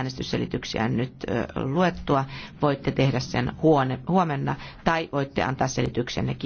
äänestysselityksiä nyt luettua. Voitte tehdä sen huone, huomenna tai voitte antaa selityksenne